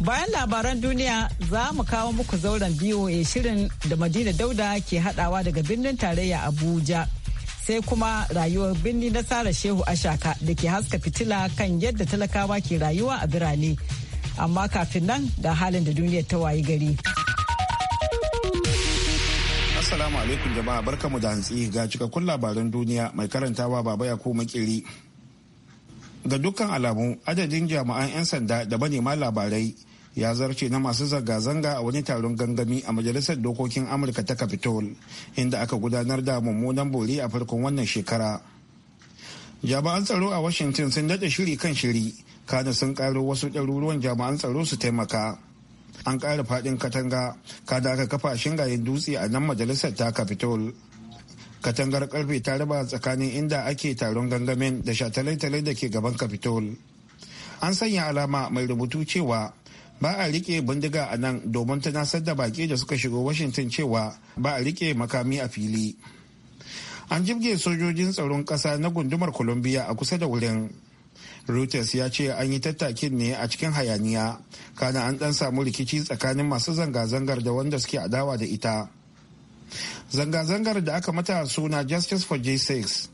Bayan labaran duniya za mu kawo muku zauren BOA shirin da Madina Dauda ke hadawa daga birnin tarayya Abuja. Sai kuma rayuwar birni na Sara Shehu Ashaka da ke haska fitila kan yadda talakawa ke rayuwa a birane. Amma kafin nan ga halin da duniyar ta wayi gari. Assalamu alaikum jama'a barkamu da hantsi ga cikakkun labaran duniya mai karantawa baba ya koma kiri. Ga dukkan alamu adadin jami'an 'yan sanda da manema labarai ya zarce na masu zanga-zanga a wani taron gangami a majalisar dokokin amurka ta capitol inda aka gudanar da mummunan bori a farkon wannan shekara jami'an tsaro a washington sun daɗe shiri kan shiri kana sun karo wasu ɗaruruwan jami'an tsaro su taimaka an ƙara faɗin katanga kada aka kafa shingayen dutse a nan majalisar ta capitol katangar karfe ta raba tsakanin inda ake taron gangamin da shatalai-talai da ke gaban capitol an sanya alama mai rubutu cewa ba a rike bindiga a nan domin tunasar da baki da suka shigo washington cewa ba a rike makami a fili an jibge sojojin tsaron ƙasa na gundumar columbia a kusa da wurin reuters ya ce an yi tattakin ne a cikin hayaniya kana an ɗan samu rikici tsakanin masu zanga-zangar da wanda suke adawa da ita zanga-zangar da aka mata suna justice for j6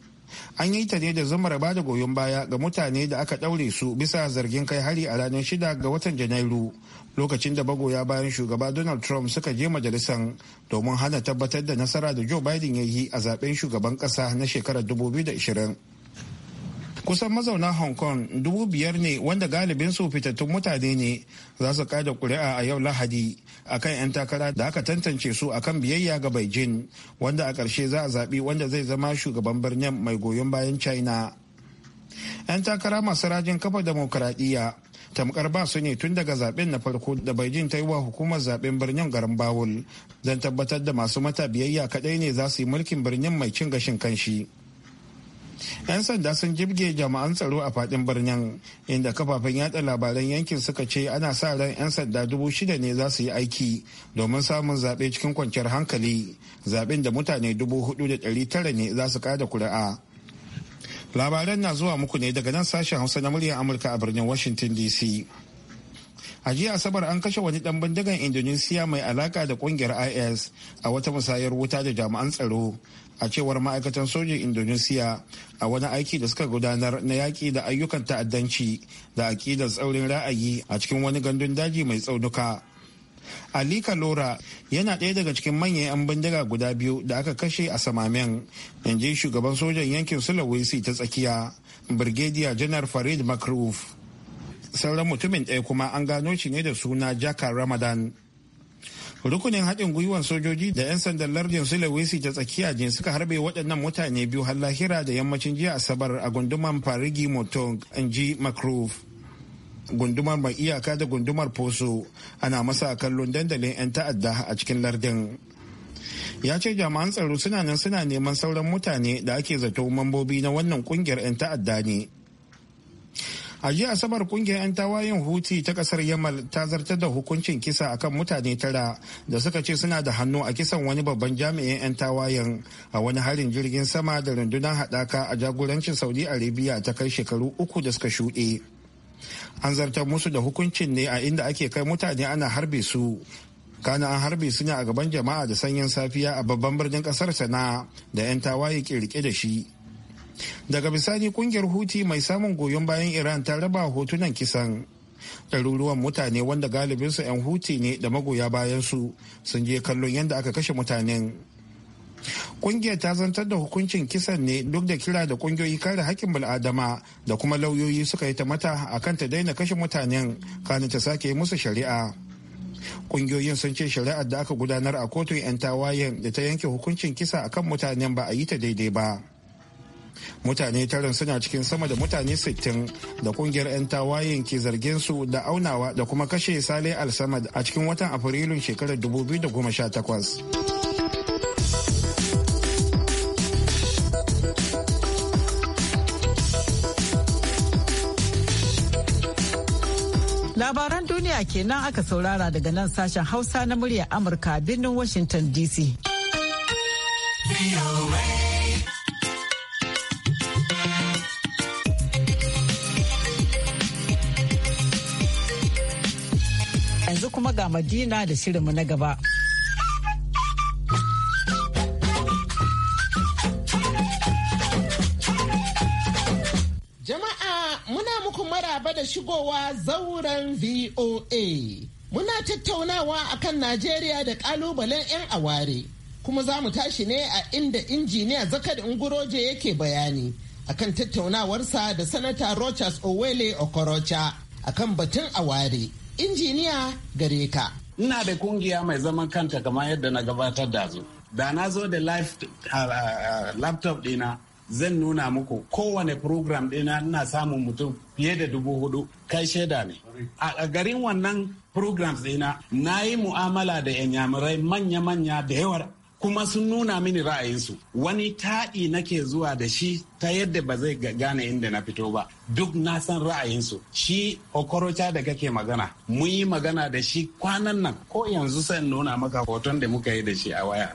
an yi ta ne da zuma ba da goyon baya ga mutane da aka ɗaure su bisa zargin kai hari a ranar shida ga watan janairu lokacin da bagoya bayan shugaba donald trump suka je majalisan domin hana tabbatar da nasara da joe biden ya yi a zaben shugaban kasa na shekarar 2020 kusan mazauna hong kong dubu biyar ne wanda galibin su fitattun mutane ne za su kada kuri'a a yau lahadi akan 'yan takara da aka tantance su akan biyayya ga beijing wanda a karshe za a zaɓi wanda zai zama shugaban birnin mai goyon bayan china 'yan takara masu rajin kafa demokaradiyya tamkar ba su ne tun daga zaben na farko da beijing ta yi wa hukumar zaben birnin garin bawul don tabbatar da masu mata biyayya kadai ne za su yi mulkin birnin mai cin gashin kanshi 'yan sanda sun jibge jama'an tsaro a fadin birnin inda kafafen yada labaran yankin suka ce ana sa ran 'yan sanda dubu shida ne za su yi aiki domin samun zaɓe cikin kwanciyar hankali zaɓen da mutane dubu hudu da ɗari tara ne za su kada kuri'a labaran na zuwa muku ne daga nan sashen hausa na muryar amurka a birnin washington dc a jiya asabar an kashe wani dan bindigan indonesiya mai alaka da kungiyar is a wata musayar wuta da jami'an tsaro a cewar ma'aikatan sojin indonesiya a wani aiki da suka gudanar na yaƙi da ayyukan ta'addanci da aƙidar tsaurin ra'ayi a cikin wani gandun daji mai tsaunuka ali kalora yana ɗaya daga cikin manyan 'yan bindiga guda biyu da aka kashe a samamen in ji shugaban sojan yankin sulawesi ta tsakiya birgediya janar farid makruf sauran mutumin ɗaya kuma an gano shi ne da suna jaka ramadan rukunin haɗin gwiwan sojoji da 'yan sandan lardin sulawesi ta tsakiya ne suka harbe waɗannan mutane biyu har lahira da yammacin jiya asabar a gunduman farigi motong in ji gundumar mai iyaka da gundumar poso ana masa kallon dandalin 'yan ta'adda a cikin lardin ya ce jami'an tsaro suna nan suna neman sauran mutane da ake zato mambobi na wannan kungiyar 'yan ta'adda ne a jiya asabar kungiyar 'yan tawayen huti ta kasar yamal ta zartar da hukuncin kisa akan mutane tara da suka ce suna da hannu a kisan wani babban jami'in 'yan tawayen a wani harin jirgin sama da rundunar haɗaka a jagorancin saudi arabia ta kai shekaru uku da suka shuɗe an zartar musu da hukuncin ne a inda ake kai mutane ana harbe su kana an harbe su ne a gaban jama'a da sanyin safiya a babban birnin kasar sana'a da 'yan tawaye ke rike da shi daga bisani kungiyar huti mai samun goyon bayan iran ta raba hotunan kisan ɗaruruwan mutane wanda galibinsu 'yan huti ne da magoya bayan su sun je kallon yadda aka kashe mutanen kungiyar ta zantar da hukuncin kisan ne duk da kira da kungiyoyi kare hakkin bil'adama da kuma lauyoyi suka yi ta mata kan ta daina kashe mutanen kanin ta sake musu shari'a kungiyoyin sun ce shari'ar da aka gudanar a kotun 'yan tawayen da ta yanke hukuncin kisa akan mutanen ba a yi ta daidai ba mutane tarin suna cikin sama da mutane 60 da kungiyar 'yan tawayen ke zargin su da aunawa da kuma kashe sale al-samad a cikin watan afrilun shekarar 2018 Labaran duniya kenan aka saurara daga nan sashen Hausa na murya Amurka birnin Washington DC. ga Madina da shirinmu na gaba. Jama'a muna muku maraba da shigowa zauren VOA. Muna tattaunawa akan Najeriya da kalubalen 'yan aware. Kuma za mu tashi ne a inda injiniya Zakar Ngoroje yake bayani akan tattaunawarsa da Sanata Rochas Owele Okorocha akan batun aware. injiniya gare ka. Ina da kungiya mai zaman kanta kamar yadda na gabatar da zu. Da na zo da laptop dina zan nuna muku kowane program dina ina samun mutum fiye da dubu hudu kai shaida ne. A garin wannan programs dina na yi mu'amala da inyamurai manya-manya da yawar kuma sun nuna mini ra'ayinsu wani taɗi nake zuwa da shi ta yadda ba zai gane inda na fito ba duk na san ra'ayinsu shi okorocha da kake magana mun yi magana da shi kwanan nan ko yanzu sai nuna maka hoton da muka yi da shi a waya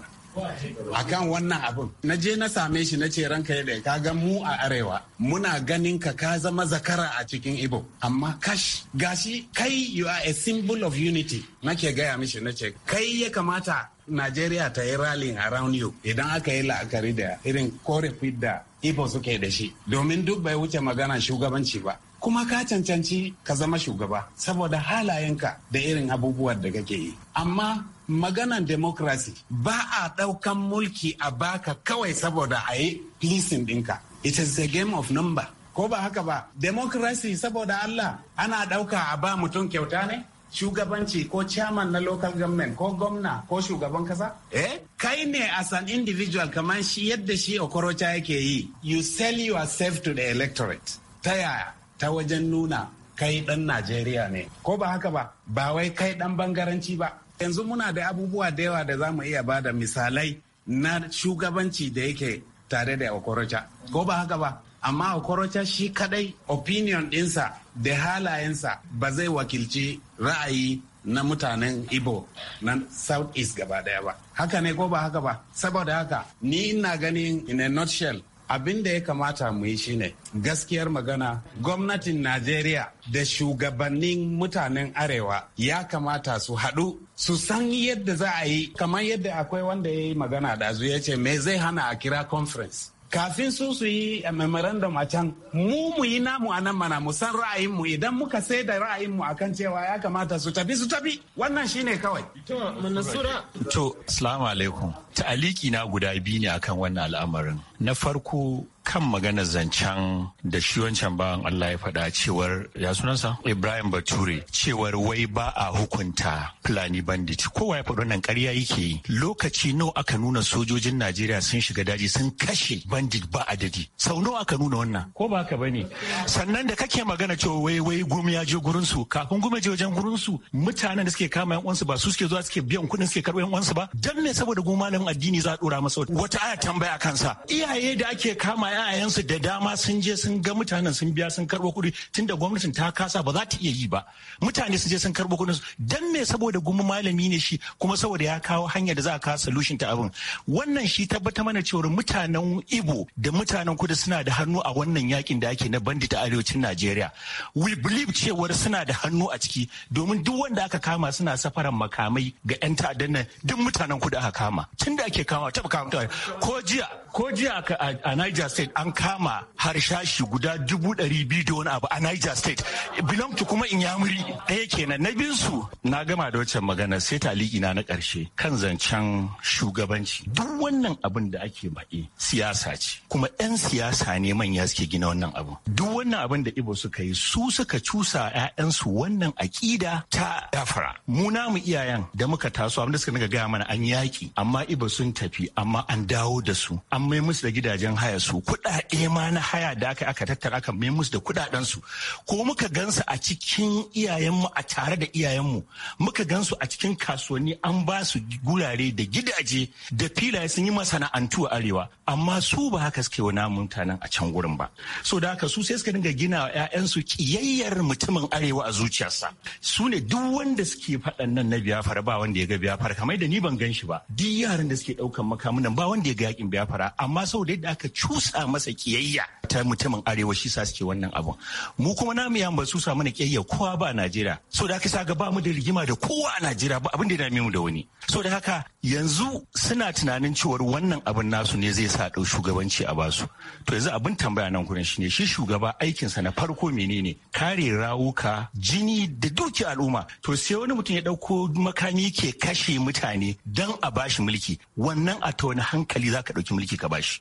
akan wannan abin na je na same shi na ce ranka ya ka ga mu a arewa muna ganin ka ka zama zakara a cikin ibo amma kash gashi kai you are a symbol of unity nake gaya mishi na ce kai ya kamata Najeriya ta yi rallying around you idan aka yi la'akari da irin korafi da Ibo suke da shi domin duk bai wuce magana shugabanci ba. Kuma ka cancanci ka zama shugaba saboda halayenka da irin abubuwan da kake yi. Amma maganan democracy ba a ɗaukan mulki a baka kawai saboda a yi pleasing ɗinka. It is a game of number. Ko ba haka ba, democracy saboda Allah ana ɗauka a ba mutum kyauta ne? shugabanci ko chairman na local government ko gwamna ko shugaban kasa? Eh? Kai ne as an individual kamar shi yadda shi okorocha yake yi, you sell yourself to the electorate. Ta yaya? Ta wajen nuna kai ɗan Najeriya ne. Ko ba haka ba? Ba wai kai ɗan bangaranci ba. Yanzu muna da abubuwa da yawa da za mu iya bada misalai na shugabanci da yake tare da okorocha. Ko ba haka ba? amma okorocha shi kadai opinion ɗinsa da halayensa ba zai wakilci ra'ayi na mutanen Igbo na South East gaba daya ba. Haka ne ko ba haka ba? Saboda haka ni ina ganin in a nutshell abin da ya kamata mu yi shine gaskiyar magana gwamnatin Najeriya da shugabannin mutanen Arewa ya kamata su haɗu su san yadda za a yi kamar yadda akwai wanda ya yi magana da ya ce me zai hana a kira conference. kafin su su yi eh, memorandum a can mu mu yi namu a nan mana mu san ra'ayinmu idan muka sai da ra'ayinmu akan cewa ya kamata su tafi su tafi wannan shine kawai to manasura to assalamu alaikum ta'aliki na guda biyu ne akan wannan al'amarin na farko kan maganar zancen da shi wancan bawan Allah ya faɗa cewar ya sunansa Ibrahim Bature cewar wai ba a hukunta Fulani bandit kowa ya faɗi nan ƙarya yake lokaci n'o aka nuna sojojin Najeriya sun shiga daji sun kashe bandit ba adadi sau n'o aka nuna wannan ko ba haka bane sannan da kake magana cewa wai wai gumi ya je gurin su kafin gumi je wajen gurin su mutanen da suke kama yan uwansu ba su suke zuwa suke biyan kuɗin suke karɓo yan uwansu ba dan me saboda gumi malamin addini za a dora masa wata aya tambaya kansa iya iyaye da ake kama yayansu da dama sun je sun ga mutanen sun biya sun karɓo kuɗi da gwamnatin ta kasa ba za ta iya yi ba mutane sun je sun karɓo kuɗin su dan me saboda gumin malami ne shi kuma saboda ya kawo hanyar da za a kawo solution ta abin wannan shi tabbata mana cewa mutanen Ibo da mutanen kudu suna da hannu a wannan yakin da ake na bandit ta arewacin Najeriya we believe cewar suna da hannu a ciki domin duk wanda aka kama suna safaran makamai ga 'yan ta'addan nan duk mutanen kudu aka kama tun da ake kama taba kama ko jiya ko jiya aka a Niger State an kama harshashi guda dubu ɗari biyu da wani abu a Niger State. Belong to kuma inyamuri ɗaya kenan na bin su. Na gama da wancan magana sai taliki na na ƙarshe kan zancen shugabanci. Duk wannan abin da ake baƙi siyasa ce. Kuma 'yan siyasa ne manya suke gina wannan abu. Duk wannan abin da Ibo suka yi su suka cusa 'ya'yansu wannan aƙida ta dafara. Mu namu iyayen da muka taso abin da suka gaya mana an yaƙi amma Ibo sun tafi amma an dawo da su. An mai musu da. gidajen haya su kuɗaɗe ma na haya da aka aka tattara aka mai musu da kuɗaɗen su ko muka gansu a cikin iyayenmu a tare da iyayenmu muka gansu a cikin kasuwanni an ba su gurare da gidaje da filaye sun yi masana'antu a arewa amma su ba haka suke wa namun mutanen a can gurin ba so da haka su sai suka dinga gina wa 'ya'yansu kiyayyar mutumin arewa a zuciyarsa su ne duk wanda suke faɗan nan na biyafara ba wanda ya ga biyafara kamar da ni ban gan shi ba duk yaran da suke ɗaukan makamunan ba wanda ya ga yakin biyafara amma saboda yadda aka cusa masa kiyayya ta mutumin arewa shi sa suke wannan abun mu kuma namu ya ba cusa mana kiyayya kowa ba a Najeriya da haka saga ba mu da rigima da kowa a Najeriya ba abin da ya mu da wani da haka yanzu suna tunanin cewar wannan abin nasu ne zai sa ɗau shugabanci a basu to yanzu abin tambaya nan shi shine shi shugaba aikinsa na farko menene kare rawuka jini da duki al'umma to sai wani mutum ya ɗauko makami ke kashe mutane don a bashi mulki wannan a ta wani hankali za ka ɗauki mulki ka bashi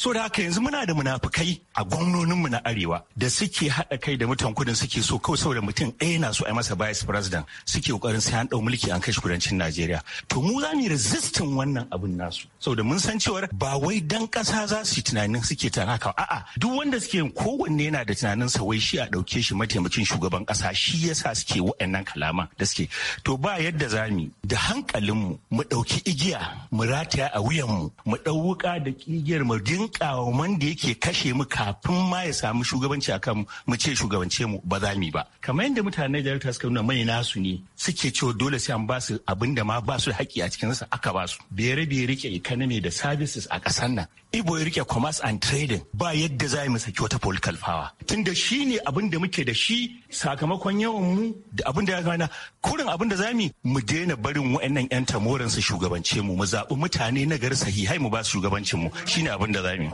so da haka yanzu muna da munafukai a mu na arewa da suke haɗa kai da mutan kudin suke so kawai saboda mutum ɗaya na so a masa vice president suke kokarin sai an ɗau mulki an kai shi kudancin najeriya to mu za mu resistin wannan abin nasu saboda mun san cewar ba wai dan ƙasa za su yi tunanin suke tana haka a'a duk wanda suke yin kowanne yana da tunanin sa wai shi a ɗauke shi mataimakin shugaban ƙasa shi yasa suke wa'annan kalaman da suke to ba yadda za mu da hankalin mu mu ɗauki igiya mu rataya a wuyan mu ɗau wuka da igiyar mu din kyawaman da yake kashe mu kafin ma ya samu shugabanci akan mu ce shugabance mu ba za mu ba kamar yadda mutane da suka nuna mai nasu ne suke cewa dole sai an ba su abin da ma ba su haƙƙi a cikin sa aka ba su bere bere rike economy da services a ƙasar nan ibo ya rike commerce and trading ba yadda za mu saki wata political power tunda shi ne abin da muke da shi sakamakon yawan mu da abin da ya gana kurin abin da za mu mu daina barin wa'annan 'yan tamoran su shugabance mu mu zaɓi mutane na gari sahihai mu ba su shugabancin mu shine abin da za ne.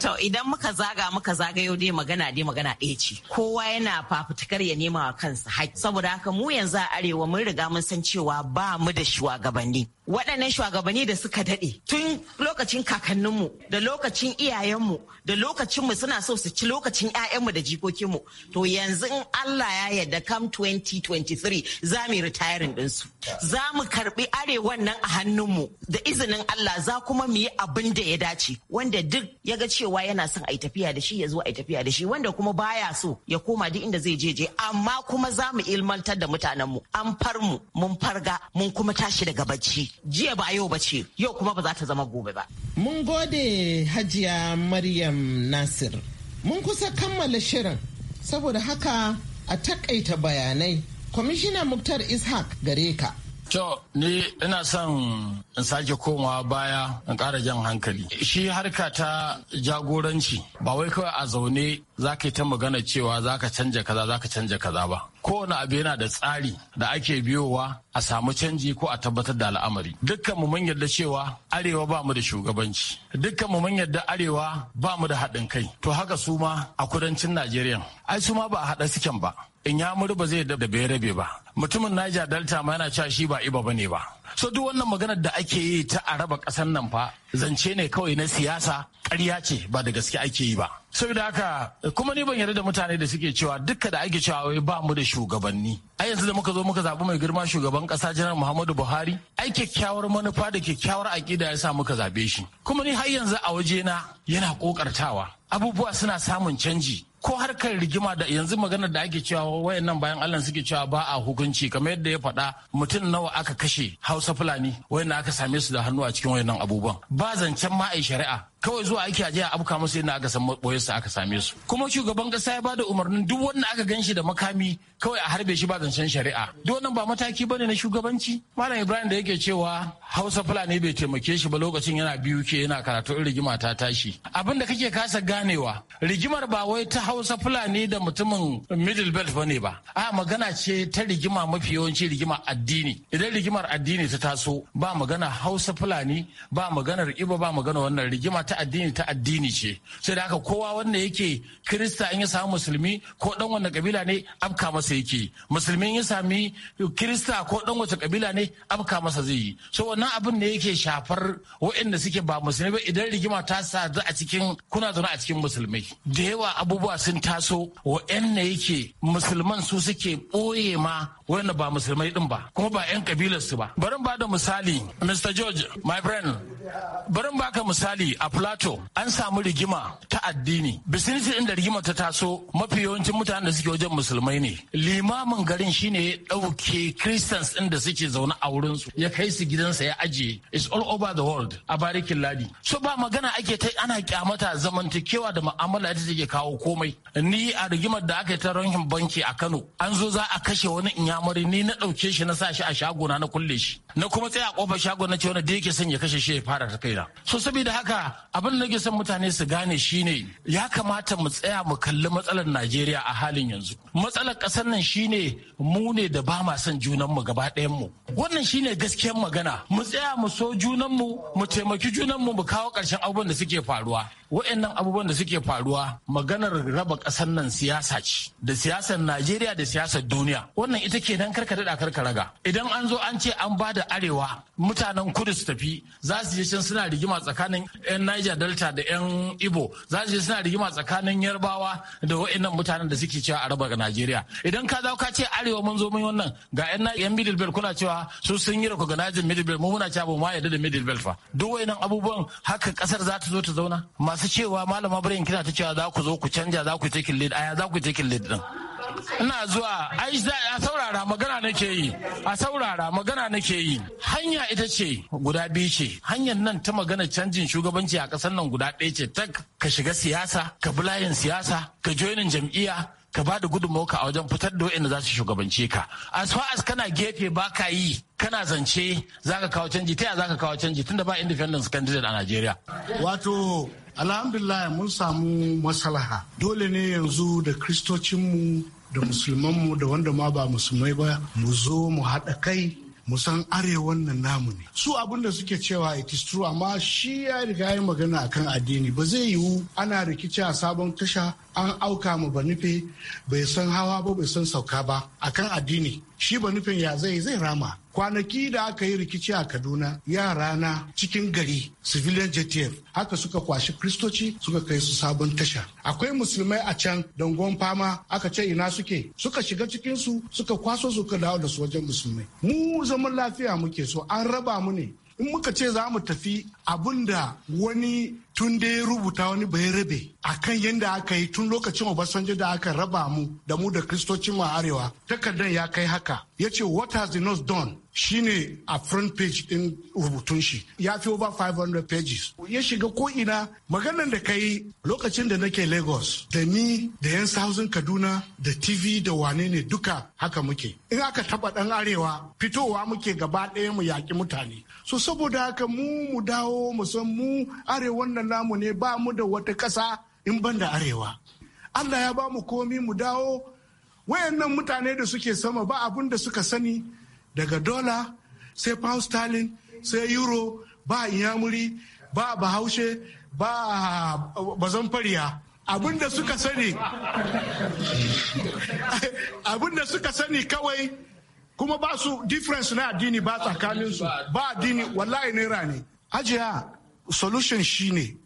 To idan muka zaga muka zaga yau dai magana dai magana ɗaya ce. Kowa yana fafutukar ya nema wa kansa haƙƙi. Saboda haka mu yanzu a arewa mun riga mun san cewa ba mu da shugabanni. Waɗannan shugabanni da suka daɗe tun lokacin kakanninmu da lokacin iyayenmu da lokacinmu suna so su ci lokacin 'ya'yanmu da jikokinmu. To yanzu in Allah ya yarda kam 2023 za mu yi ritayarin ɗinsu. Za mu karɓi arewan nan a hannunmu da izinin Allah za kuma mu yi abin da ya dace. ci wanda duk ya ga cewa yana son ai tafiya da shi ya zo ai tafiya da shi wanda kuma baya so ya koma duk inda zai je je amma kuma za mu ilmantar da mutanen mu an far mu mun farga mun kuma tashi daga bacci jiya ba yau ba ce yau kuma ba za ta zama gobe ba mun gode hajiya maryam nasir mun kusa kammala shirin saboda haka a takaita bayanai kwamishina muktar Ishak gare ka To, ni ina son in sake komawa baya in ƙara jan hankali shi harka ta jagoranci ba wai kawai a zaune za ka yi ta magana cewa za ka canja kaza za ka canja kaza ba kowane abu yana da tsari da ake biyowa a samu canji ko a tabbatar da al'amari dukkan mu mun yarda cewa arewa ba mu da shugabanci dukkan mu mun yarda arewa ba mu da haɗin kai to haka su ma a kudancin najeriya ai su ma ba a haɗa suken ba in ya ba zai da rabe ba mutumin niger delta ma yana cewa shi ba iba ba ne ba so duk wannan maganar da ake yi ta a raba ƙasar nan fa zance ne kawai na siyasa ƙarya ce ba da gaske ake yi ba saboda haka kuma ni ban yarda da mutane da suke cewa dukka da ake cewa wai ba mu da shugabanni a yanzu da muka zo muka zaɓi mai girma shugaban ƙasa janar muhammadu buhari ai kyakkyawar manufa da kyakkyawar aƙida ya sa muka zaɓe shi kuma ni har yanzu a waje na yana ƙoƙartawa abubuwa suna samun canji ko harkar rigima da yanzu maganar da ake cewa wayannan bayan Allah suke cewa ba a hukunci kamar yadda ya faɗa mutum nawa aka kashe Hausa Fulani wayan aka same su da hannu a cikin nan abubuwan ba zancen ma shari'a kawai zuwa a jiya a abuka musu yadda aka san sa aka same su kuma shugaban kasa ya bada umarnin duk wanda aka ganshi da makami kawai a harbe shi ba zancen shari'a duk wannan ba mataki bane na shugabanci malam ibrahim da yake cewa hausa fulani bai taimake shi ba lokacin yana biyu ke yana karatu rigima ta tashi abin da kake kasa ganewa rigimar ba wai ta hausa fulani da mutumin middle belt bane ba a magana ce ta rigima mafi yawanci rigima addini idan rigimar addini ta taso ba magana hausa fulani ba maganar iba ba magana wannan rigima ta addini ta addini ce sai da haka kowa wanda yake kirista in ya samu musulmi ko dan wanda kabila ne afka masa yake musulmi ya sami kirista ko dan wata kabila ne afka masa zai yi so wannan abin ne yake shafar waɗanda suke ba musulmi ba idan rigima ta sadu a cikin kuna zaune a cikin musulmai da yawa abubuwa sun taso waɗanda yake musulman su suke ɓoye ma wanda ba musulmai din ba kuma ba 'yan kabilarsu ba bari ba da misali mr george my friend bari baka misali a plato an samu rigima ta addini bisiniti ɗin da rigima ta taso mafi yawancin mutanen da suke wajen musulmai ne limamin garin shine ya ɗauke christians ɗin da suke zaune a wurin su ya kai su gidansa ya ajiye it's all over the world a barikin ladi so ba magana ake ta ana kyamata zamantakewa da mu'amala ita take kawo komai ni a rigimar da aka yi ta rankin banki a kano an zo za a kashe wani inyamuri ni na ɗauke shi na sa shi a shagona na kulle shi na kuma tsaya a kofar shagon na ce wani da yake son ya kashe shi ya fara ta kaina so saboda haka abin da nake son mutane su gane shine ya kamata mu tsaya mu kalli matsalar Najeriya a halin yanzu. Matsalar ƙasar nan shine mu ne da ba ma son junanmu gaba mu Wannan shine gaskiyar magana. Mu tsaya mu so junanmu, mu taimaki junanmu mu kawo ƙarshen abubuwan da suke faruwa. Wa'annan abubuwan da suke faruwa maganar raba ƙasar nan siyasa ce. Da siyasar Najeriya da siyasar duniya. Wannan ita ke nan karka daɗa karka raga. Idan an zo an ce an ba da arewa mutanen kudu su tafi za su je can suna rigima tsakanin 'yan Niger Delta da 'yan Ibo za su suna rigima tsakanin Yarbawa da wa'annan mutanen da suke cewa Araba ga Najeriya. Idan ka za ka ce Arewa mun zo mun wannan ga 'yan Middle Belt kuna cewa su sun yi najin Middle Belt mu muna cewa ba ma yarda da Middle Belt fa. Duk wa'annan abubuwan haka kasar za ta zo ta zauna. Masu cewa malama Ibrahim kina ta cewa za ku zo ku canja za ku yi taking lead aya za ku yi taking lead din. ina zuwa ai a saurara magana nake yi a saurara magana nake yi hanya ita ce guda biyu ce hanyar nan ta magana canjin shugabanci a ƙasar nan guda ɗaya ce ta ka shiga siyasa ka bulayin layin siyasa ka joinin jam'iyya ka ba da gudunmawarka a wajen fitar da wa'anda za su shugabance ka as far as kana gefe ba ka yi kana zance za ka kawo canji ta za ka kawo canji da ba independence candidate a Najeriya. Wato alhamdulillah mun samu masalaha dole ne yanzu da kristocinmu da musulman mu da wanda ma ba musulmai ba mu zo mu haɗa kai mu san arewan nan namu ne su abin da suke cewa it is true amma shi ya riga ya magana akan addini ba zai yiwu ana rikici a sabon tasha an auka mu ba nufe bai san hawa ba bai san sauka ba akan addini shi ba nufin ya zai zai rama kwanaki da aka yi rikici a kaduna yara na cikin gari civilian jtf haka suka kwashi kristoci suka kai su sabon tasha akwai musulmai a can dangon fama aka ce ina suke suka shiga cikin su suka kwaso suka dawo da su wajen musulmai mu zaman lafiya muke so an raba mu ne in muka ce za mu tafi abin da wani tun da ya rubuta wani bai rabe a kan yadda aka yi tun lokacin obasanjo da aka raba mu da mu da kristocin a arewa takardar ya kai haka ya ce what has the nose done shine a front page din rubutun shi ya fi over 500 pages ya shiga ko ina maganan da kai lokacin da nake lagos da ni da yan sauzin kaduna da tv da wane ne duka haka muke in aka taba dan arewa fitowa muke gaba ɗaya mu yaƙi mutane so saboda haka mu mu dawo mu san mu arewa nan namu ne ba mu da wata ƙasa in ban da arewa allah ya ba mu komi mu dawo wayannan mutane da suke sama ba abun da suka sani daga dola sai pound sterling sai euro ba inyamuri ba bahaushe ba bazanfariya abinda suka sani abinda suka sani kawai kuma ba su difference na addini ba tsakaninsu ba addini wallahi naira ne ajiya solution shine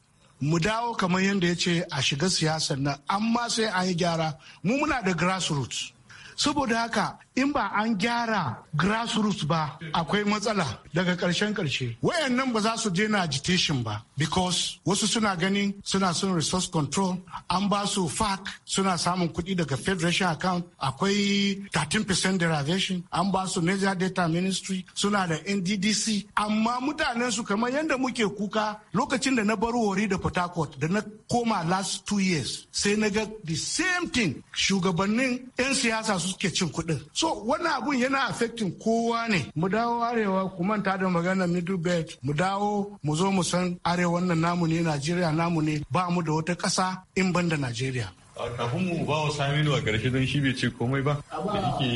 mu dawo kamar yadda ya ce a shiga siyasar nan amma sai an yi gyara mu muna da grassroots saboda haka in ba an gyara grassroots ba akwai matsala daga ƙarshen karshe wayannan ba za su je na agitation ba because wasu suna ganin suna son resource control an ba su fac suna samun kuɗi daga federation account akwai 13% derivation an ba su major data ministry suna da nddc amma mutanen su kamar yadda muke kuka lokacin da na bar wari da port harcourt da na koma last two years sai na ga the same thing shugabannin 'yan siyasa suke cin kuɗin so so wannan abun yana affecting kowa ne mu dawo arewa ku manta da magana middle belt mu dawo mu zo mu san arewa nan namu ne najeriya namu ne ba mu da wata ƙasa in banda nigeria. najeriya kafin mu ba wa saminu a ƙarshe don shi bai ce komai ba da yake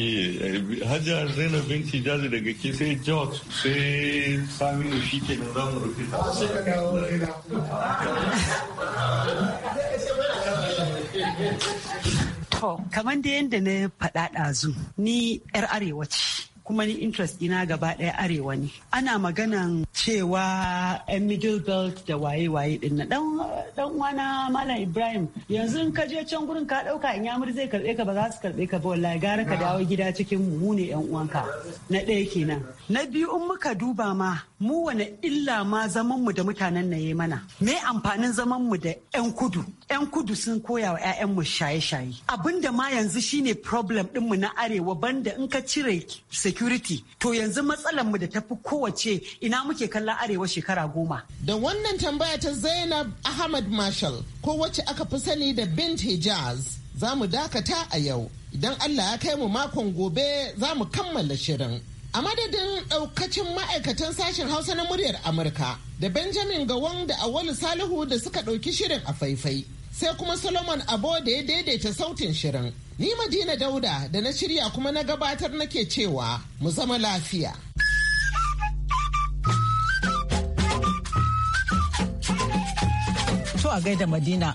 eh, hajjar zainab binci jazi daga ke sai george sai saminu shi ke nan zamu mu rufe ta To, kamar da yadda na faɗa ɗazu, ni 'yar arewa ce. kuma ni interest ina gaba ɗaya arewa ne ana maganan cewa yan middle belt da waye-waye ɗin na ɗan wana malam ibrahim yanzu in ka je can gurin ka ɗauka in yamur zai karɓe ka ba za su karɓe ka ba wallahi gara ka dawo gida cikin mu ne yan uwanka na ɗaya kenan na biyu in muka duba ma mu wane illa ma zaman mu da mutanen na yi mana me amfanin zaman mu da 'yan kudu 'yan kudu sun koya wa 'ya'yan mu shaye-shaye abinda ma yanzu shine problem din mu na arewa banda in ka cire security to yanzu matsalar mu da tafi kowace ina muke kallon arewa shekara goma da wannan tambaya ta Zainab Ahmad Marshall ko wacce aka fi sani da Bint Hijaz za mu dakata a yau idan Allah ya kai mu makon gobe za mu kammala shirin a madadin daukacin ma'aikatan sashen hausa na muryar amurka da benjamin gawon da awalu salihu da suka ɗauki shirin a faifai sai kuma solomon abo da ya daidaita sautin shirin ni madina dauda da na shirya kuma na gabatar nake cewa mu zama lafiya to a gaida madina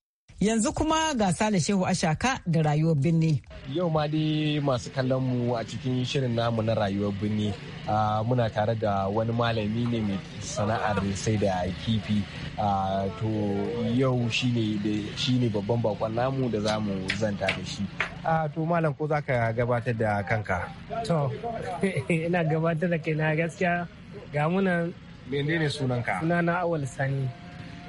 Yanzu kuma gasa da Shehu Ashaka da rayuwar birni. Yau ma dai masu kallon mu a cikin shirin namu na rayuwar birni muna tare da wani malami ne mai sana'ar sai da kifi. To yau shi ne babban bakon namu da za mu zanta da shi. To malam ko za ka gabatar da kanka? To, ina gabatar da kaina gaskiya ga munan. ne sunanka? Sunana Awal Sani.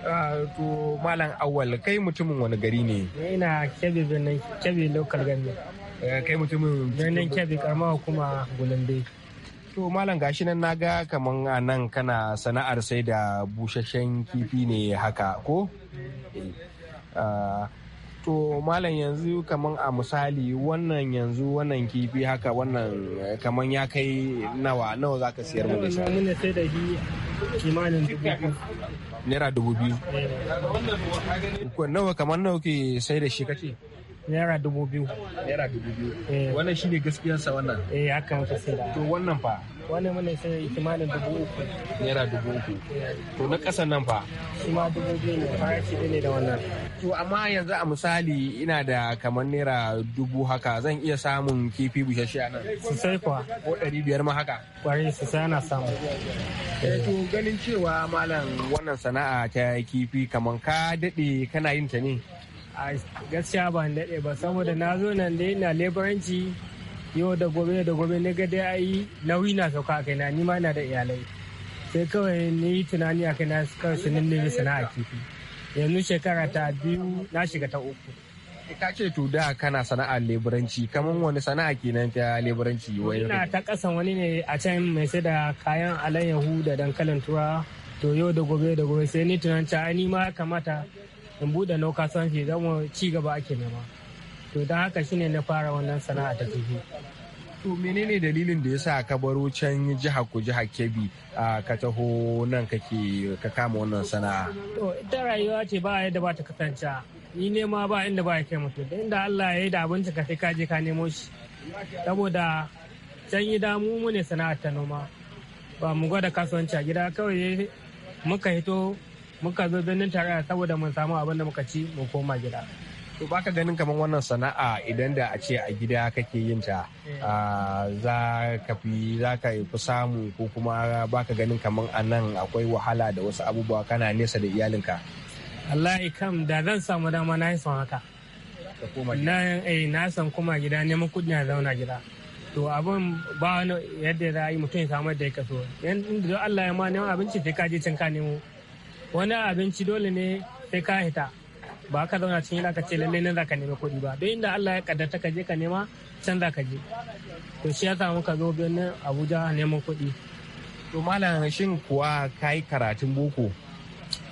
Ah, to malam awal kai mutumin wani gari ne ina kebe birnin kebe local government eh, kai mutumin birnin kebe karama hukuma gulumbe to malam gashi nan naga kaman a nan kana sana'ar sai da busasshen kifi ne haka ko eh, ah, to malam yanzu kaman a misali wannan yanzu wannan kifi haka wannan eh, kaman ya kai nawa nawa za ka siyar mu da shi muna sai da shi kimanin dubu naira dubu biyu eh. nawa kaman nawa ke sai da shi kace naira dubu biyu naira dubu biyu eh. wannan shine gaskiyarsa wannan eh haka muka sai da to wannan fa wani mana sai kimanin dubu uku naira dubu uku to na kasan nan fa shi ma dubu biyu ne farashi ne da wannan to amma yanzu a misali ina da kamar naira dubu haka zan iya samun kifi bushashe a nan Su sai kuwa ko ɗari biyar ma haka su sai ana samu eh, to ganin cewa malam wannan sana'a ta kifi kamar ka daɗe kana yin ta ne a gaskiya ban daɗe ba saboda na zo nan dai na leburanci yau da gobe da gobe ne ga dai ai nauyi na sauka a na ni ma ina da iyalai sai kawai ni yi tunani a na kan su nemi sana'a kifi yanzu shekara ta biyu na shiga ta uku eh, ka ce to da kana sana'a leburanci kamar wani sana'a kenan ta leburanci wai ina ta kasan wani ne a can mai sai da kayan alayyahu da dankalin tura to yau da gobe da gobe sai ni tunanta ni ma kamata in bude san shi zan ci gaba ake nema to don haka shine na fara wannan sana'a ta kifi to menene dalilin da yasa ka baro can jiha ku jiha kebbi a ka taho nan kake ka kama wannan sana'a to ita rayuwa ce ba yadda ba ta kasance ni ne ma ba inda ba ya kai mutum da inda Allah ya yi da abinci ka sai ka je ka nemo shi saboda can yi damu mu ne sana'ar ta noma ba mu gwada kasuwanci a gida kawai muka hito muka zo birnin tarayya saboda mun samu abin da muka ci mu koma gida to baka ganin kamar wannan sana'a idan da a ce a gida kake yin ta eh. za ka fi za ka fi samu ko kuma baka ganin kamar a nan akwai wahala da wasu abubuwa kana nesa da iyalinka wallahi kam da zan samu dama na yi son haka eh, na san kuma gida neman kudi na zauna gida to abin ba wani yadda za a yi mutum ya samu da ya kaso yan Allah ya ma neman abinci sai ka je can ka nemo wani abinci dole ne sai ka hita ba ka zauna cikin yana ka ce lallai nan za ka nemi kuɗi ba don inda Allah ya kaddata ka je ka nema can za ka je to shi ya samu ka zo birnin Abuja neman kuɗi. To malam shin kuwa ka yi karatun boko?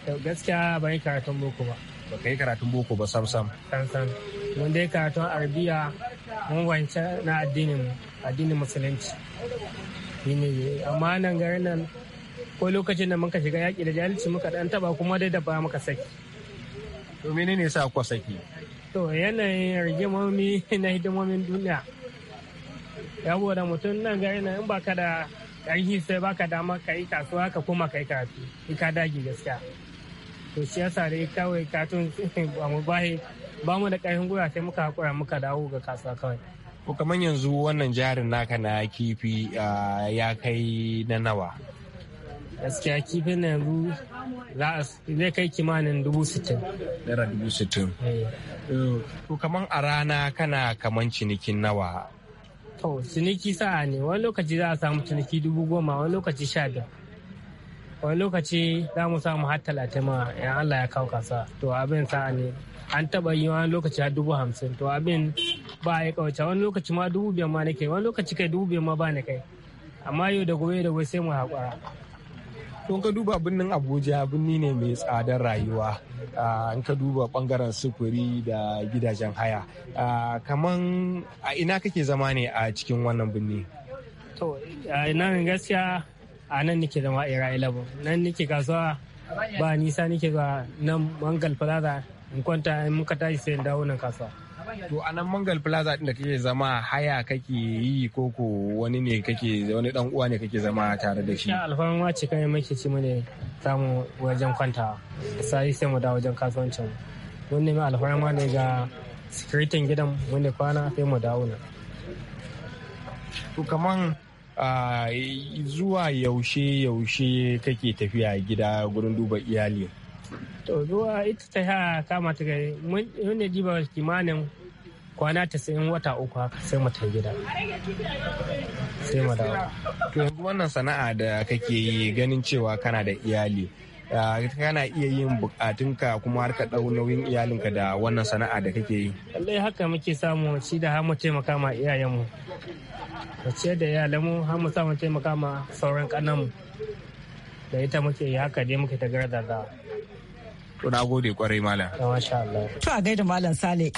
Gaskiya ba yi karatun boko ba. Ba ka yi karatun boko ba sam sam. Sam sam. Mun dai karatun arabiya mun wance na addinin addinin musulunci. amma nan garin nan ko lokacin da muka shiga yaƙi da jahilci muka ɗan taɓa kuma dai da ba muka saki. To ne sa ku saki? To yanayin rigimomi na hidimomin duniya. Saboda mutum nan ga yana in baka da ƙarfi sai baka dama ka yi kasuwa ka koma ka yi karatu in ka dagi gaskiya. To shi yasa dai kawai katun ba mu bahi ba mu da ƙarfin gura sai muka haƙura muka dawo ga kasuwa kawai. Ko kamar yanzu wannan jarin naka na kifi ah, ya kai na nawa? gaskiya kifin na yanzu za a zai kai kimanin dubu sittin naira dubu sittin eh. to kaman a rana kana kaman cinikin nawa to ciniki sa'a ne wani lokaci za a samu ciniki dubu goma wani lokaci sha biyar wani lokaci za mu samu har talatin ma yan allah ya kawo kasa to abin sa'a ne an taɓa yi wani lokaci har dubu hamsin to abin ba ya kawace wani lokaci ma dubu biyar ma nake wani lokaci kai dubu biyar ma ba ni kai amma yau da gobe da gobe sai mu haƙura to ka duba birnin abuja birni ne mai tsadar rayuwa in ka duba bangaren sufuri da gidajen haya kaman a ina kake zama ne a cikin wannan birni to nan gaskiya a nan nake zama ira nan nake kasuwa ba nisa nake zuwa nan mangal plaza in kwanta in muka tashi sai in dawo nan kasuwa to a nan mangal plaza din da kake zama haya kake yi ko wani ne kake wani dan uwa ne kake zama tare da shi alfarma ce kai muke ci mune samu wajen kwanta sai sai mu da wajen kasuwancin wannan mai alfarma ne ga sikiritin gidan wanda kwana sai mu dawo na to kaman zuwa yaushe yaushe kake tafiya gida gurin duba iyali to zuwa ita ta ya kama ta gari mun ne jiba kimanin kwana tasa'in wata uku haka sai mu ta gida sai mu dawo to yanzu wannan sana'a da kake yi ganin cewa kana da iyali kana iya yin bukatunka kuma har ka ɗau nauyin iyalinka da wannan sana'a da kake yi. Lallai haka muke samu shi da har mu taimaka ma iyayenmu. Mu ciyar da iyalanmu har mu samu taimaka ma sauran ƙananmu. Da ita muke yi haka dai muke ta da. To na gode kwarai malam. To a gaida malam Sale.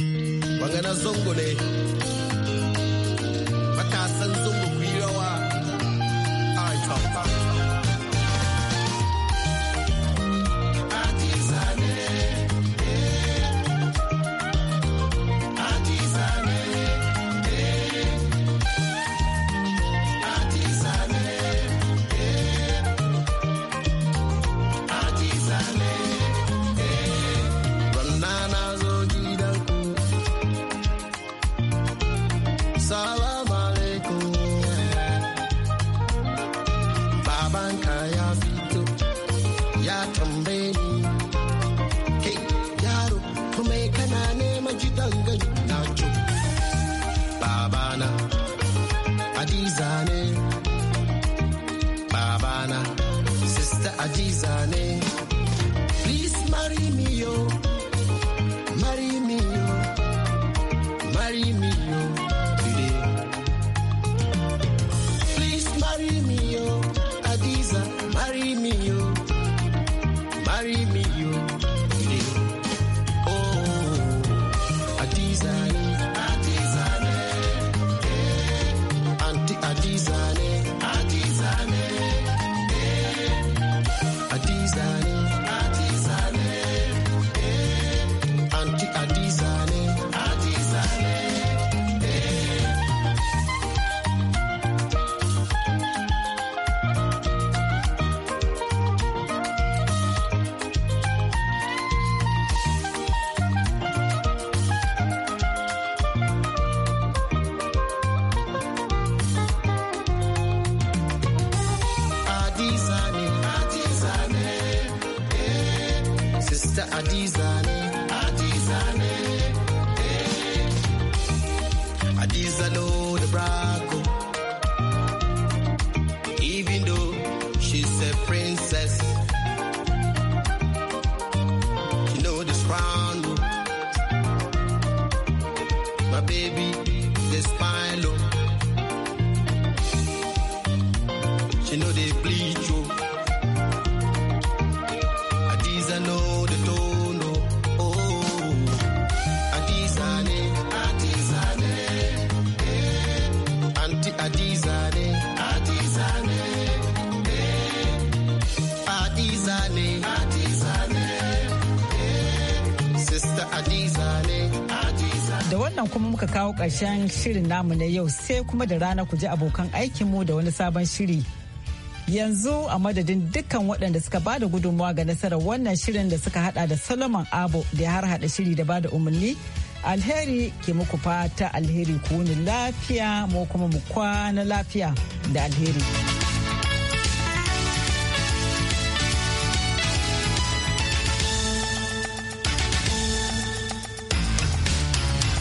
Maganar ne. she know they bleach oh. you. Oh. da wannan kuma muka kawo ƙarshen shirin namu na yau sai kuma da rana ku ji abokan aikinmu da wani sabon shiri yanzu a madadin dukkan waɗanda suka bada gudunmawa ga nasarar wannan shirin da suka hada da solomon abu da ya har hada shiri da ba da umarni alheri ke muku fata alheri ku wuni lafiya mu kuma mu kwana lafiya da alheri.